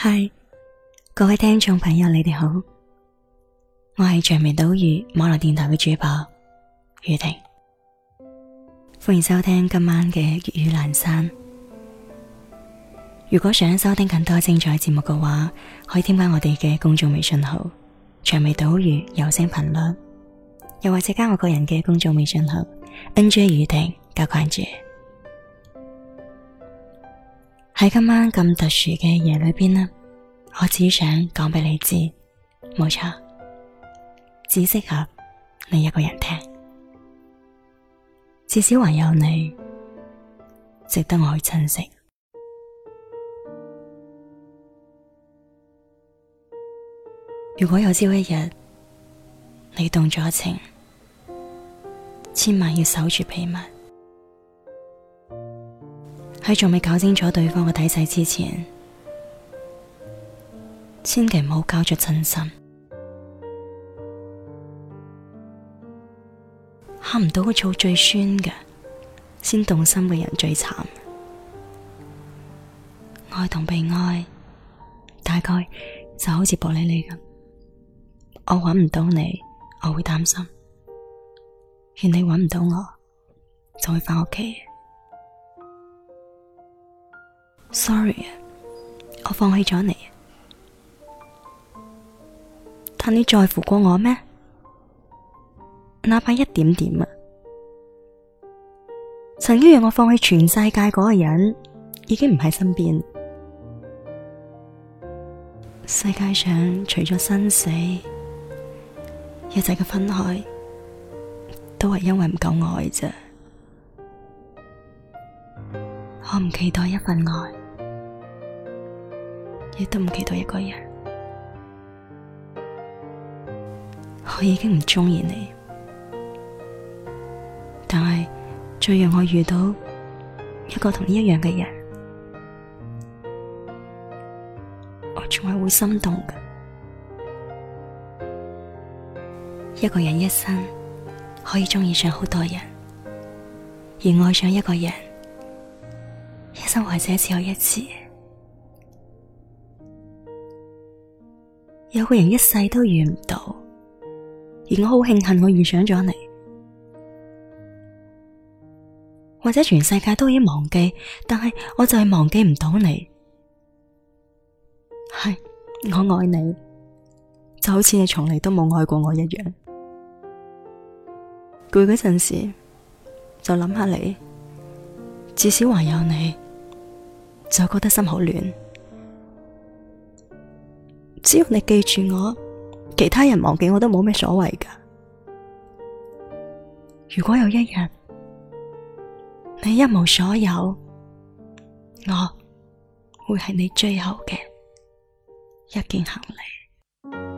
嗨，各位聽眾朋友，你哋好，我係長尾島嶼網絡電台嘅主播雨婷，歡迎收聽今晚嘅粵語闌珊。如果想收聽更多精彩節目嘅話，可以添加我哋嘅公眾微信號長尾島嶼有聲頻率，又或者加我個人嘅公眾微信號 nj 雨婷，加關注。喺今晚咁特殊嘅夜裏邊呢，我只想講俾你知，冇錯，只適合你一個人聽。至少還有你，值得我去珍惜。如果有朝一日你動咗情，千萬要守住秘密。喺仲未搞清楚對方嘅底細之前。千祈唔好交出真心，食唔到嘅醋最酸嘅，先動心嘅人最慘。愛同被愛大概就好似玻璃咁，我搵唔到你，我會擔心；而你搵唔到我，就會翻屋企。Sorry 啊，我放棄咗你。但你在乎過我咩？哪怕一點點啊！曾經讓我放棄全世界嗰個人，已經唔喺身邊。世界上除咗生死，一切嘅分開，都係因為唔夠愛啫。我唔期待一份愛，亦都唔期待一個人。我已經唔中意你，但係再讓我遇到一個同你一樣嘅人，我仲係會心動嘅。一個人一生可以中意上好多人，而愛上一個人，一生或者只有一次。有個人一世都遇唔到。而我好慶幸我遇上咗你，或者全世界都已經忘記，但係我就係忘記唔到你。係我愛你，就好似你從來都冇愛過我一樣。攰嗰陣時就諗下你，至少還有你，就覺得心好暖。只要你記住我。其他人忘記我都冇咩所謂㗎。如果有一日你一無所有，我會係你最後嘅一件行李。